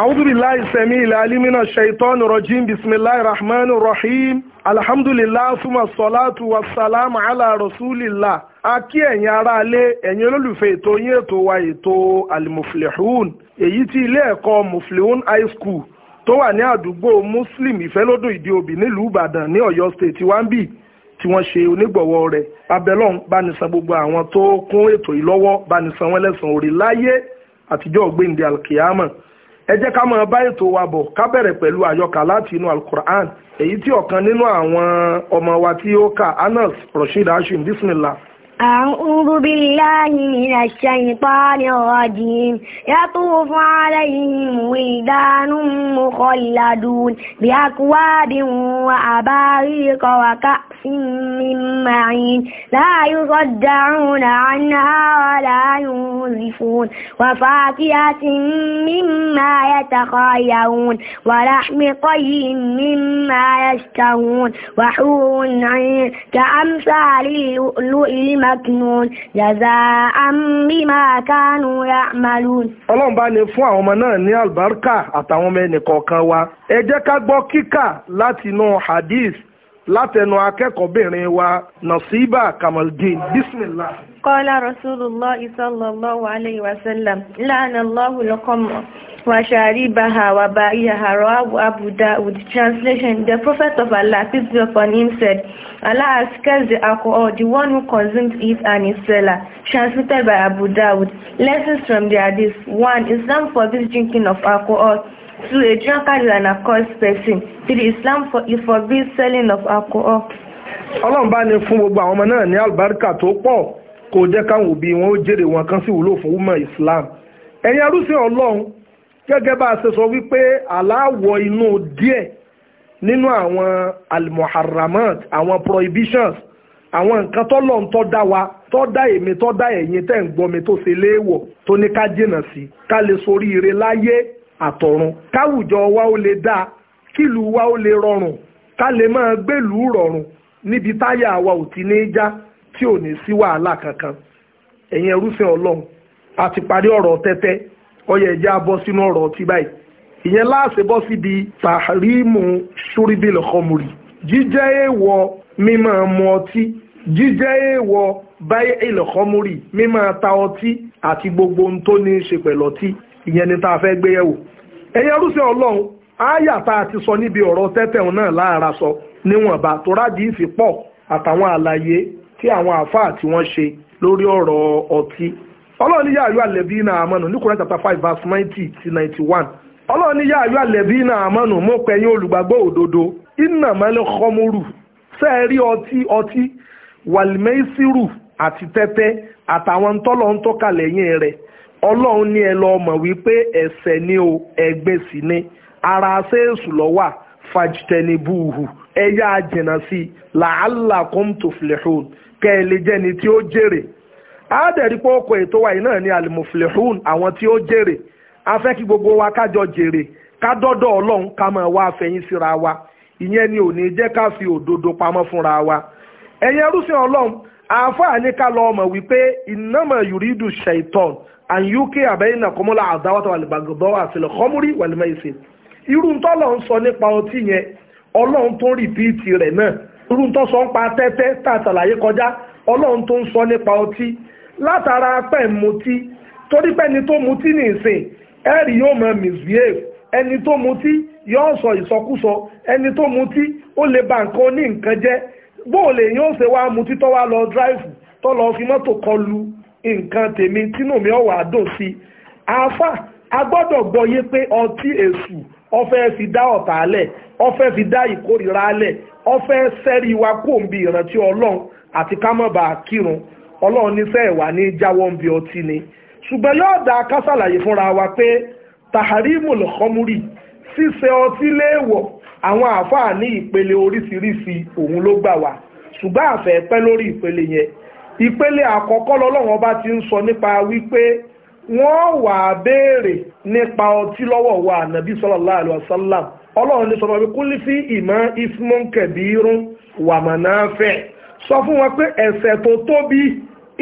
أعوذ بالله السميع العليم من الشيطان الرجيم بسم الله الرحمن الرحيم الحمد لله ثم الصلاة والسلام على رسول الله a kí ẹ̀yin aráalé ẹ̀yin olólùfẹ́ ètò yín ètò wa ètò alimuflihun èyí tí ilé ẹ̀kọ́ muflihun high school tó wà ní àdúgbò muslim ìfẹ́lódùn ìdí òbí nílùú ìbàdàn ní ọ̀yọ́ state wá ń bì tí wọ́n ṣe onígbọ̀wọ́ rẹ̀ abẹ́lọ́n bánisan gbogbo àwọn tó kún ètò yìí lọ́wọ́ bánisan wọn lẹ́san orí láyé àtijọ́ ògbéǹde alkiyama ẹ jẹ́ ká máa bá ètò wa bọ̀ ká bẹ̀rẹ̀ pẹ̀lú àyọkà láti inú alukur'an èyí tí ọ̀kan nínú àwọn ọmọ wa tí ó kà anas rasheed hashim bismillah. أعوذ بالله من الشيطان الرجيم يطوف عليهم ولدان مخلدون بأكواب وأباريق وكأس من معين لا يصدعون عنها ولا ينزفون وفاكهة مما يتخيرون ولحم طيب مما يشتهون وحور عين كأمثال اللؤلؤ المكنون جزاء بما كانوا يعملون ọlọ́run bá ní fún àwọn ọmọ náà ní àlùbáríkà àtàwọn ọmọ ẹnìkọ̀ọ̀kan wa ẹ jẹ́ ká gbọ́ kíkà látinú hadith látẹnu akẹ́kọ̀ọ́bìnrin wa nasiba kamaldin bismillah. kọ́lá rasulullah sallallahu alayhi wa sallam la'ana allahu lakum wa sharibaha wa ba'iyaha rawahu abu dawud translation the prophet of allah peace be upon him said allah has cursed the alcohol the one who consumes it and its seller transmitted by abu dawud lessons from the hadith one islam forbids drinking of alcohol 2. A drunkard is an accursed person. 3. Islam for, forbids selling of alcohol. Ọlọ́run bá fún gbogbo àwọn ọmọ náà ní àlùbáríkà tó pọ̀ kò jẹ́ káwọn òbí wọn ó jèrè wọn kan sí wúlò fún women Islam. Ẹ̀yin arúsìn Ọlọ́run gẹ́gẹ́ bá a ṣe sọ wípé aláwọ̀ inú díẹ̀ nínú àwọn almuharramat àwọn prohibitions àwọn nǹkan tọ́lọ̀ ń tọ́ dá wa tọ́ dá èmi tọ́ dá ẹ̀yin tẹ́ ń gbọ́ mi tó ṣe léèwọ̀ tó ní ká jìnà sí ká lè soríire láyé àtọ̀run káwùjọ wa ó lè dáa kílùú wa ó lè rọrùn ká lè máa gbèlùú rọrùn níbi táyà wa ò ti ní í já tí ò ní sí wàhálà kankan ẹ̀yin ẹrúsìn ọlọ́run a ti parí ọ̀rọ̀ tẹ́tẹ́ ọyẹ ẹ̀já bọ́ sínú ọ̀rọ̀ ti báyìí ìyẹn láàṣẹ bọ́ síbi tàrímù ṣúríbìl khamuri jíjẹ́ èèwọ̀ mímọ́ mu ọtí jíjẹ́ èèwọ̀ báyìí ìlẹ̀kọ́mùrì mímọ́ ta ọtí àti gbogbo ohun tó ní í ṣe pẹ̀lú ọtí ìyẹn ni tá a fẹ́ gbéyẹ̀wò ẹ̀yẹ rúṣẹ́ ọlọ́run ááyà tá a ti sọ níbi ọ̀rọ̀ tẹ́tẹ̀hún náà láàárọ̀ sọ níwọ̀nba tó rájì ìfì pọ̀ àtàwọn àlàyé tí àwọn àáfàá tí wọ́n ṣe lórí ọ̀rọ̀ ọtí ọlọ́run ní yàrá àlẹ́bí iná àmọ́nù ní Kùránì chapter five verse ninety to ninety one ọlọ́run ní yàrá àlẹ́bí iná àmọ́nù mo pè yín olùgbàgbọ́ òdodo iná mẹ́lẹ́ kọ́múrù sẹ́ẹ̀rí ọtí ọtí wàlímẹ́sìrù àti tẹ́tẹ́ àtàwọn tọ́lọ́ ń tọ́ka ọlọ́run ní ẹ lọ́ọ́ mọ̀ wípé ẹ̀ṣẹ̀ ni o ẹgbẹ́ sí ni ara ṣéèṣù lọ wà fàjìtẹ̀nìbùhù ẹ yá jìnnà sí i la'allakum tuflihun kẹ́ ẹ lè ni tí ó jèrè àádẹ́rì pé ọkọ̀ ètò wa yìí náà ní alimuflihun àwọn tí ó jèrè afẹ́ kí gbogbo wa kájọ jèrè ká dọ́dọ̀ ọlọ́run ká máa wá afẹ́yìn síra wa ìyẹn ni ò ní jẹ́ ká fi òdodo pamọ́ fúnra wa ẹ̀yẹn rúṣin ọlọ́run àáfàá ní ká lọ ọmọ wípé ìnámọ̀ yùrídù ṣaitan an yuke abẹ́yìn náà kọ́mọ́lá àdáwátà àlùbàgbọ́ àfẹlẹ̀ kọ́múrí wàlúmẹ́sìn irú tó lọ ń sọ nípa ọtí yẹn ọlọ́run tó ń rìpíìtì rẹ̀ náà irú tó sọ ń pa tẹ́tẹ́ tá a ṣàlàyé kọjá ọlọ́run tó ń sọ nípa ọtí látara pẹ́ mutí torí pé ẹni tó mutí nìsín ẹ̀rì yóò máa misbehave ẹni tó mutí yóò sọ ìsọkúsọ ẹni tó mutí ó lè ba nǹkan ní nǹkan jẹ́ bóòlè yóò ṣe wá mutí tó wá lọ dráìfù tó lọ fi mọ́tò kọlu nǹkan tèmi tínú mi ọ̀wà dùn sí i àáfà a gbọ́dọ̀ gbọ́yé pé ọtí èṣù ọfẹ́ fi dá ọ̀tá alẹ̀ ọfẹ́ fi dá ìkórìíra alẹ̀ ọfẹ́ sẹ́rí wa kóńbi ìrántí ọlọ́run àti kámọ́bà kírun ọlọ́run nífẹ́ ẹ̀wà ní jáwọ́ ń bi ọtí ni ṣùgbọ́n yóò dá ká ṣàlàyé fúnra wa pé taharimul khamuri ṣíṣe ọtí léèwọ̀ àwọn àáfàá ní ìpele oríṣiríṣi òun ló gbà wá ṣùgbọ́n àfẹ́ pẹ́ lórí ìpele yẹn ìpele àkọ́kọ́ lọ́lọ́run ọba ti ń sọ nípa wípé wọ́n wà béèrè nípa ọtí lọ́wọ́ wa ànàbí sallallahu alaihi wasallam ọlọ́run ní wípé kúlí ismun sọ fún wọn pé tó tóbi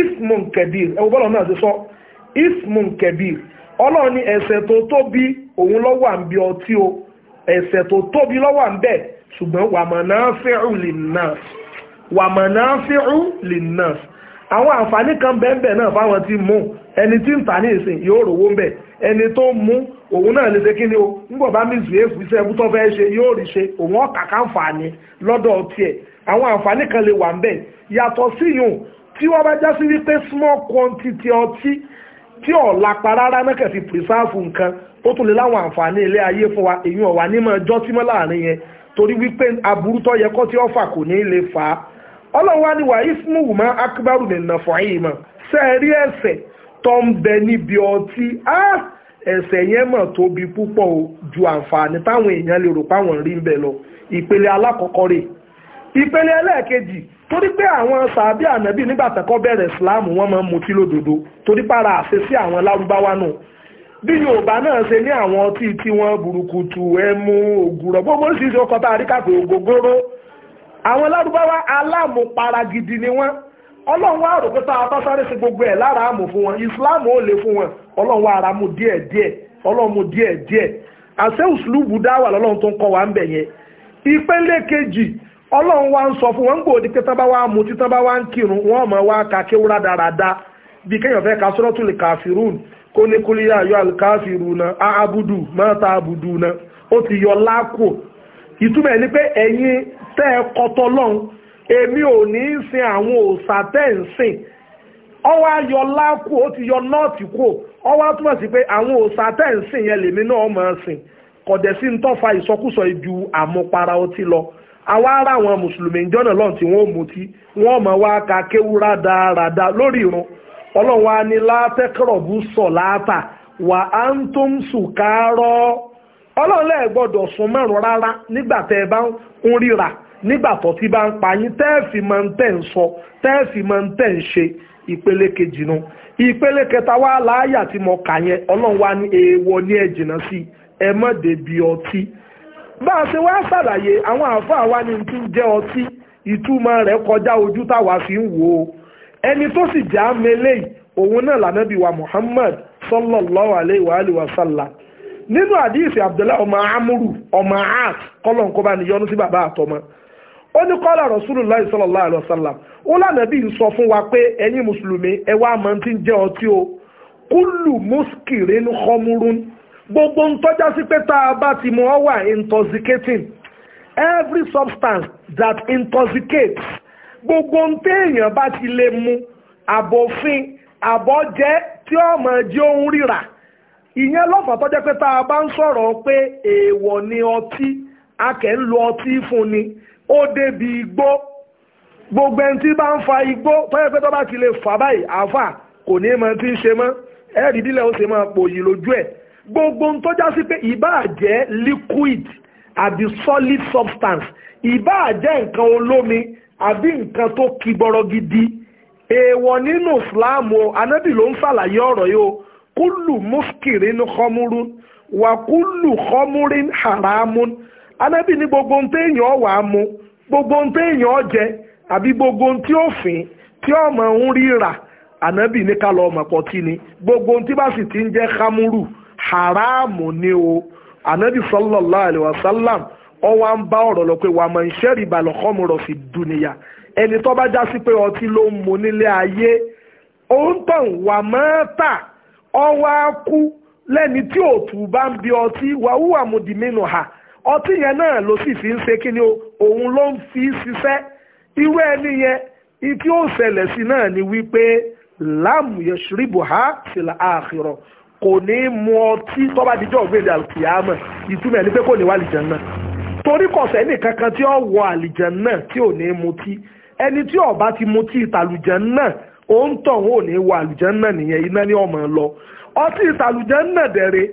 ismun kabir bọ́lọ̀ náà ti sọ ismun ọlọ́run ní ẹ̀ṣẹ̀ tó tóbi òun lọ́wọ́ à o tó tóbi lọ́wọ́ wà àwọn àǹfààní kan bẹ́ẹ̀bẹ̀ náà fáwọn tí mú ẹni tí ń tà ní ìsìn yóò rówó ń bẹ̀ ẹni tó mú òun náà lè ṣe kí ni o nígbà bá mi zùú èfù iṣẹ́ ẹbú tó fẹ́ ṣe yóò rí ṣe òun ọ̀kà káǹfààní lọ́dọ̀ tiẹ̀ àwọn àǹfààní kan lè wà ń bẹ̀ yàtọ̀ sí yùn tí wọ́n bá já wípé small quantity ọtí tí ọ̀la pa rárá náà kẹ̀ fi pèsáàfù nǹkan ó tún lè láwọn àǹfààní ilé ayé fún wa èyí ọ̀wà nímọ̀ ọjọ́ tí mọ́ láàrin yẹn torí wípé aburú yẹ kọ́ tí ó fà kò ní lè fà á ọlọ́run á ní wàá ismuhu ma akbaru min naf'ihima sẹ́ẹ̀rí ẹ̀ṣẹ̀ tó ń bẹ níbi ọtí á ẹ̀ṣẹ̀ yẹn mọ̀ tóbi púpọ̀ ju àǹfààní táwọn èèyàn lè rò páwọn rí ń bẹ lọ ìpele alákọ̀ọ́kọ́ rẹ̀ ìpele ẹlẹ́ẹ̀kejì torí pé àwọn sàábí ànábì nígbà tẹ́kọ́ bẹ̀rẹ̀ islam wọ́n máa ń mutí lódodo torí para àṣẹ sí àwọn lárúbáwá náà bí yorùbá náà ṣe ní àwọn ọtí tí wọ́n burúkutu ẹmu ògùrọ̀ gbogbo oríṣiríṣi ọkọ̀ tá a rí kàpé ògógóró àwọn lárúbáwá para gidi ni wọ́n ọlọ́run wá rò pé sí gbogbo ẹ̀ lára àmù fún wọn islam ò lè fún wọn ọlọ́run ara mú díẹ̀ díẹ̀ ọlọ́run mú díẹ̀ díẹ̀ àṣẹ òṣùlùbù dáwà lọ́lọ́run tó ń kọ́ wa ń bẹ̀ yẹn wọn gbòdì bá bá ń kírun wọn kéwúrà bí kéèyàn fẹ́ ka tẹ́ ẹ kọtọ lọ́hùn èmi ò ní í sin àwọn òòṣà tẹ́ ẹ̀ ń sìn ọwọ́ ayọ láàkú ó ti yọ nọ́ọ̀tì kú ọwọ́ túmọ̀ sí pé àwọn òòṣà tẹ́ ẹ̀ ń sìn yẹn lèmi náà máa sìn kọ̀dẹ̀ sí ń tọ́fà ìsọkúsọ ìju àmupara ọtí lọ àwa ará àwọn mùsùlùmí jọ́nà lọ́n tí wọ́n mutí wọ́n mọ̀ wá ka kéwú rádaràda lórí irun ọlọ́run wa ni látẹ́kọ̀rọ̀bù sọ̀ láàtà wà á ń tó ń sùn gbọ́dọ̀ mẹ́rùn rárá nígbà tẹ́ ẹ bá ń ríra nígbà tó ti bá ń pa yín tẹ́ẹ̀fì máa ń tẹ̀ ń sọ tẹ́ẹ̀fì máa ń tẹ̀ ń ṣe ìpele kejì nu ìpele kẹta wá láàyà tí mo kà yẹn ọlọ́run wá ní èèwọ̀ ní ẹ jìnnà sí ẹ má débi ọtí bá a ṣe wá ṣàlàyé àwọn àáfàá wa ni ti ń jẹ́ ọtí ìtumọ̀ rẹ̀ kọjá ojú táwa fi ń wò ó ẹni tó sì jẹ́ àmì eléyìí òun náà lànàbí wa Muhammad sallallahu alayhi wa wa sallam nínú àdíìsì abdullahi ọmọ amúrù ọmọ art kọ́lọ̀ nǹkan bá níyọnu sí bàbá àtọmọ ó ní kọ́lá rasulullah sallallahu alaihi wasallam ó lànà bí sọ fún wa pé ẹ̀yin mùsùlùmí ẹ wá máa ti ń jẹ́ ọtí o kúlù muskirin khamurun gbogbo ń tọ́já sí pé tá a bá ti mú ọ wà intoxicating every substance that intoxicates gbogbo ń téèyàn bá ti lè mu àbòfin àbọ̀jẹ́ tí ọmọ jẹ́ òun ríra ìyẹn lọ́fà tó jẹ́ pé tá a bá ń sọ̀rọ̀ pé èèwọ̀ ni ọtí a kẹ́ ń lo ọtí fún ni ó débi igbó gbogbo ẹni tí bá ń fa igbó tó jẹ́ pé tó bá ti lè fà báyìí àáfà kò ní mọ tí ń ṣe mọ́ ẹ̀rí dílé ó ṣe máa pòyì lójú ẹ̀ gbogbo ń tọ́já sí pé ìbáà jẹ́ liquid àbí solid substance ìbáà jẹ́ nǹkan olómi àbí nǹkan tó ki gbọ́rọ̀ gidi èèwọ̀ nínú Islam anábì ló ń ṣàlàyé ọ̀rọ̀ yìí o kúlù muskirin khamurun wà kúlù khamurin haramun anábì ní gbogbo ohun téèyàn ọ̀wà mu gbogbo ohun téèyàn ọ̀jẹ àbí gbogbo ohun tí ó fín tí ọmọ ń ríra ànábì ní ká lọ ọmọ pọtí ni gbogbo ohun tí bá sì ti ń jẹ́ khamuru haramu ni o ànábì sallallahu alaihi wasallam ó wá ń bá ọ̀rọ̀ lọ pé wà máa ń ṣẹ́rì ìbàlọ̀ khamura fi dúnìyà ẹni bá já pé ọtí ló ń mu nílé ayé ó ń tàn wà máa tà ọwọ́ á kú lẹ́ni tí òtù bá ń bi ọtí wàhùwà mùdìmínú ha ọtí yẹn náà ló sì fi ń ṣe kí ni òun ló ń fi ṣiṣẹ́ irú ẹni yẹn ìtí ó ṣẹlẹ̀ sí náà ni wípé láàmù yẹsùrìbù ha sílẹ̀ àkìrọ̀ kò ní mu ọtí tó bá dijọ́ ògbéde àlùkìyàmọ̀ ìtumọ̀ ẹni pé kò ní wà àlìjàn náà torí kọ̀sẹ̀ ní kankan tí ó wọ àlìjàn náà tí ò ní mutí ẹni tí ó ti mutí ìtàlùjàn náà ó ń tàn ó ní wà àlùjànnà nìyẹn iná ní ọmọ lọ ọtí ìsàlùjànnà dẹ̀rẹ̀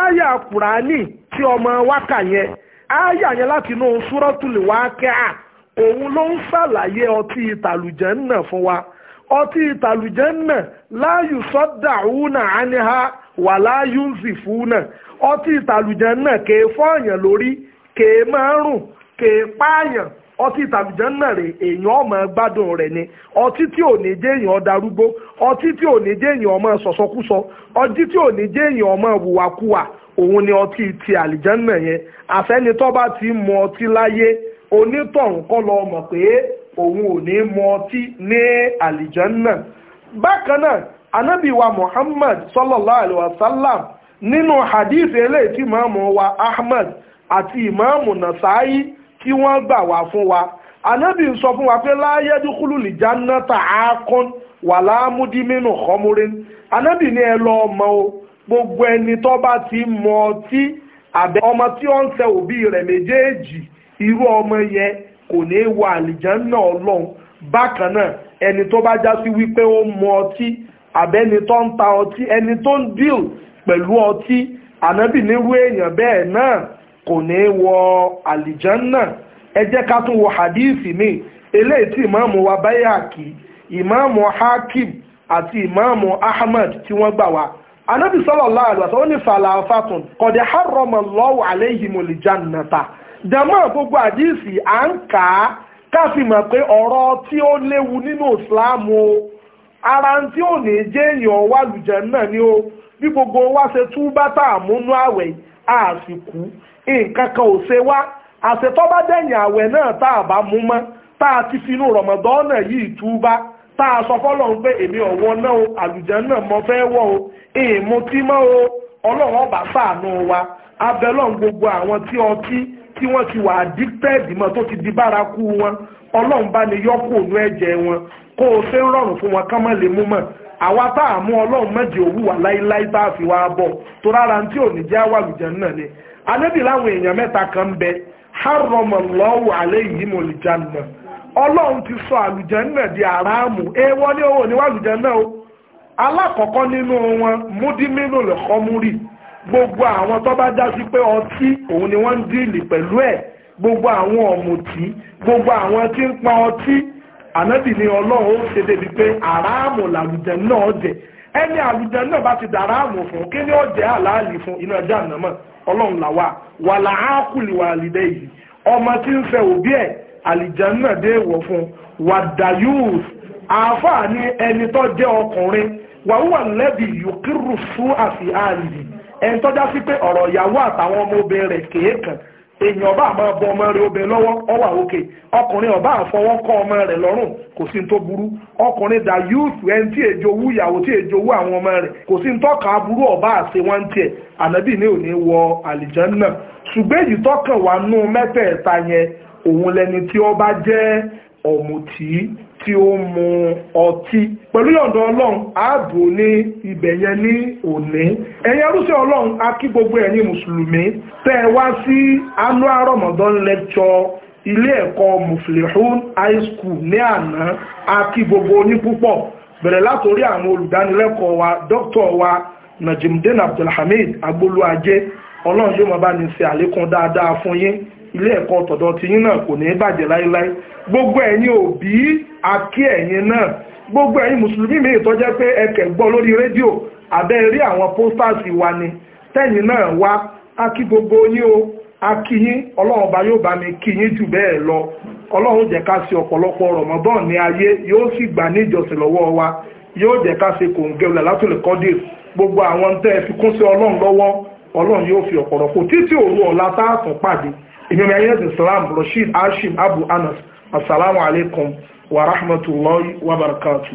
àyà kùránì tí ọmọ wákà yẹn àyà yẹn láti inú súrọ́tùlì wákẹ́à òun ló ń ṣàlàyé ọtí ìtàlùjànnà fún wa ọtí ìtàlùjànnà láàyù sọ́dà húnà áníhá wà láàyù wala sì fúnà ọtí ìtàlùjànnà kèé fọ́ọ̀yàn lórí kèé máa rùn kèé pààyàn ọtí ìtàbíjẹ́ náà rè èèyàn ọmọ gbádùn rẹ̀ ni ọtí tí ò ní jẹ́ èèyàn darúgbó ọtí tí ò ní jẹ́ èèyàn ọmọ sọ̀sọ́kúsọ ọtí tí ò ọmọ wùwàkuwà òun ni ọtí ti àlìjẹ́nà yẹn àfẹ́nitọ́ bá ti mu ọtí láyé onítọ̀hún kọ́ lọ mọ̀ pé òun ní mu ọtí ní bákan náà Muhammad sallallahu alayhi wa sallam nínú Ahmad tí wọ́n gbà wá fún wa anábì ń sọ fún wa pé láyé dúkúlù lè já ná ta àákọ́n wà láàmúdímínú ọmọrin anábì ní ẹ lọ ọmọ o gbogbo ẹni tó bá ti mọ ọtí àbẹ ọmọ tí ó ń ṣe òbí rẹ̀ méjèèjì irú ọmọ yẹn kò ní í wọ àlìjánná ọlọ́run bákan náà ẹni tó bá já sí wípé ó mọ ọtí àbẹ́ni tó ń ta ọtí ẹni tó ń díl pẹ̀lú ọtí ànábì nírú èèyàn bẹ́ẹ̀ náà kò ní wọ àlìjánná ẹ jẹ́ ká tún wọ hadith mi eléyìí tí ìmáàmù wa Bayhaqi ìmáàmù Hakim àti ìmáàmù Ahmad tí wọ́n gbà wá anábì sallallahu alaihi wasallam ó ní falafatun qad harrama Allahu alaihimul jannata jama gbogbo hadith à ń kà á káfí mọ̀ pé ọ̀rọ̀ tí ó léwu nínú ìsìláàmù o ara tí ò ní jẹ́ èèyàn wà lùjẹ́ náà ni o bí gbogbo wa ṣe tú bátà àwẹ̀ àsìkú nǹkan kan ò ṣe wá àṣetọ́ bá dẹ̀yìn àwẹ̀ náà tá a bá mú mọ́ tá a ti finú rọ̀mọ̀dọ́nà yìí túbá tá a sọ fọ́lọ́run pé èmi ọ̀wọ́ náà o àlùjẹ́ náà mo fẹ́ wọ̀ o èèmọ tí mọ́ o ọlọ́run ọba ṣàánú wa abẹ́lọ́n gbogbo àwọn tí ọtí tí wọ́n ti wà addicted mọ́ tó ti di bárakú wọn ọlọ́run bá ní yọ́kù ẹ̀jẹ̀ wọn kó o ṣe ń rọrùn fún wọn ká má lè mú mọ̀ àwa tá a mú ọlọ́run mẹ́jẹ òwú wà láíláí tá a fi wá bọ̀ tó rárá tí ò ní jẹ́ àwàlùjẹ́ náà ni anábì láwọn èèyàn mẹ́ta kan bẹ haramallahu alayhimul janna ọlọ́run ti sọ àlùjẹ́ náà di àràmù èèwọ̀ ní owó ní wàlùjẹ́ náà o alákọ̀ọ́kọ́ nínú wọn múdímínú lẹ́kọ́múrì gbogbo àwọn tó bá já pé ọtí òun ni wọ́n ń díìlì pẹ̀lú ẹ̀ gbogbo àwọn ọ̀mùtí gbogbo àwọn tí ń pa ọtí ànábì ni ọlọ́run ó ṣe débi pé àràmù làlùjẹ náà jẹ ẹni àlùjẹ náà bá ti dàrá àmù fún kí ni ó jẹ àlàálì fún iná ẹja ànámọ ọlọ́run làwà wà láàkùlì wà àlìdẹ yìí ọmọ tí ń fẹ́ òbí ẹ àlìjẹ náà dé wọ fún wà dayus àáfàá ni ẹni tó jẹ ọkùnrin wà wúwà lẹbi yòókìrù fún àfi àlì ẹni tó já sí pé ọ̀rọ̀ ìyàwó àtàwọn ọmọ obìnrin rẹ̀ kéèkàn èèyàn ọba àmọ́ ọbọ ọmọ rẹ obìnrin lọ́wọ́ ọwà òkè ọkùnrin ọba àfọwọ́ kọ́ ọmọ rẹ lọ́rùn kò sí tó burú ọkùnrin da yúùtù ẹni tí èjò owó ìyàwó tí èjò owó àwọn ọmọ rẹ kò sí tọ́ka aburú ọba àṣẹ wọn tiẹ̀ ànábì ní òní wọ náà ṣùgbọ́n èyí tọ́kàn wà nù mẹ́tẹ̀ẹ̀ta yẹn òun lẹni tí ọba bá jẹ́ ọ̀mùtí tí ó mu ọtí pẹ̀lú ọ̀dọ̀ ọlọ́run ààbò ní ibẹ̀ yẹn ní òní ẹ̀yin arúṣẹ́ ọlọ́run a kí gbogbo ẹ̀yin mùsùlùmí tẹ́ ẹ wá sí annual Ramadan lecture ilé ẹ̀kọ́ muflihun high school ní àná a kí gbogbo oní púpọ̀ bẹ̀rẹ̀ látòrí àwọn olùdánilẹ́kọ̀ọ́ wa dókítọ̀ wa Najimdin Abdulhamid agboluaje ọlọ́run yóò máa bá ní ṣe àlékún dáadáa fún yín ilé ẹ̀kọ́ tọ̀dọ̀ ti yín náà kò ní bàjẹ́ láíláí gbogbo ẹ̀yin òbí akí ẹ̀yin náà gbogbo ẹ̀yin mùsùlùmí mi tó jẹ́ pé ẹkẹ̀ gbọ́ lórí rédíò abẹ́ rí àwọn posters wa ni tẹ́yìn náà wá akí gbogbo yín o akí yín ọlọ́run bá yóò bá mi kí yín jù bẹ́ẹ̀ lọ ọlọ́run jẹ́ ká ṣe ọ̀pọ̀lọpọ̀ rọ̀mọ́bọ́n ní ayé yóò sì gbà ní ìjọsìn lọ́wọ́ wa yóò jẹ́ ká ṣe kòǹgẹ́lẹ̀ látòlè kọ́dé gbogbo àwọn tẹ́ ẹ fi kún sí ọlọ́run lọ́wọ́ ọlọ́run yóò fi ọ̀pọ̀lọpọ̀ títí òru ọ̀la tá a tún pàdé ìgbìmọ̀ ayé ẹ̀sìn Islam Rashid Hashim Abu Anas assalamu alaikum wa rahmatullahi wa barakatuh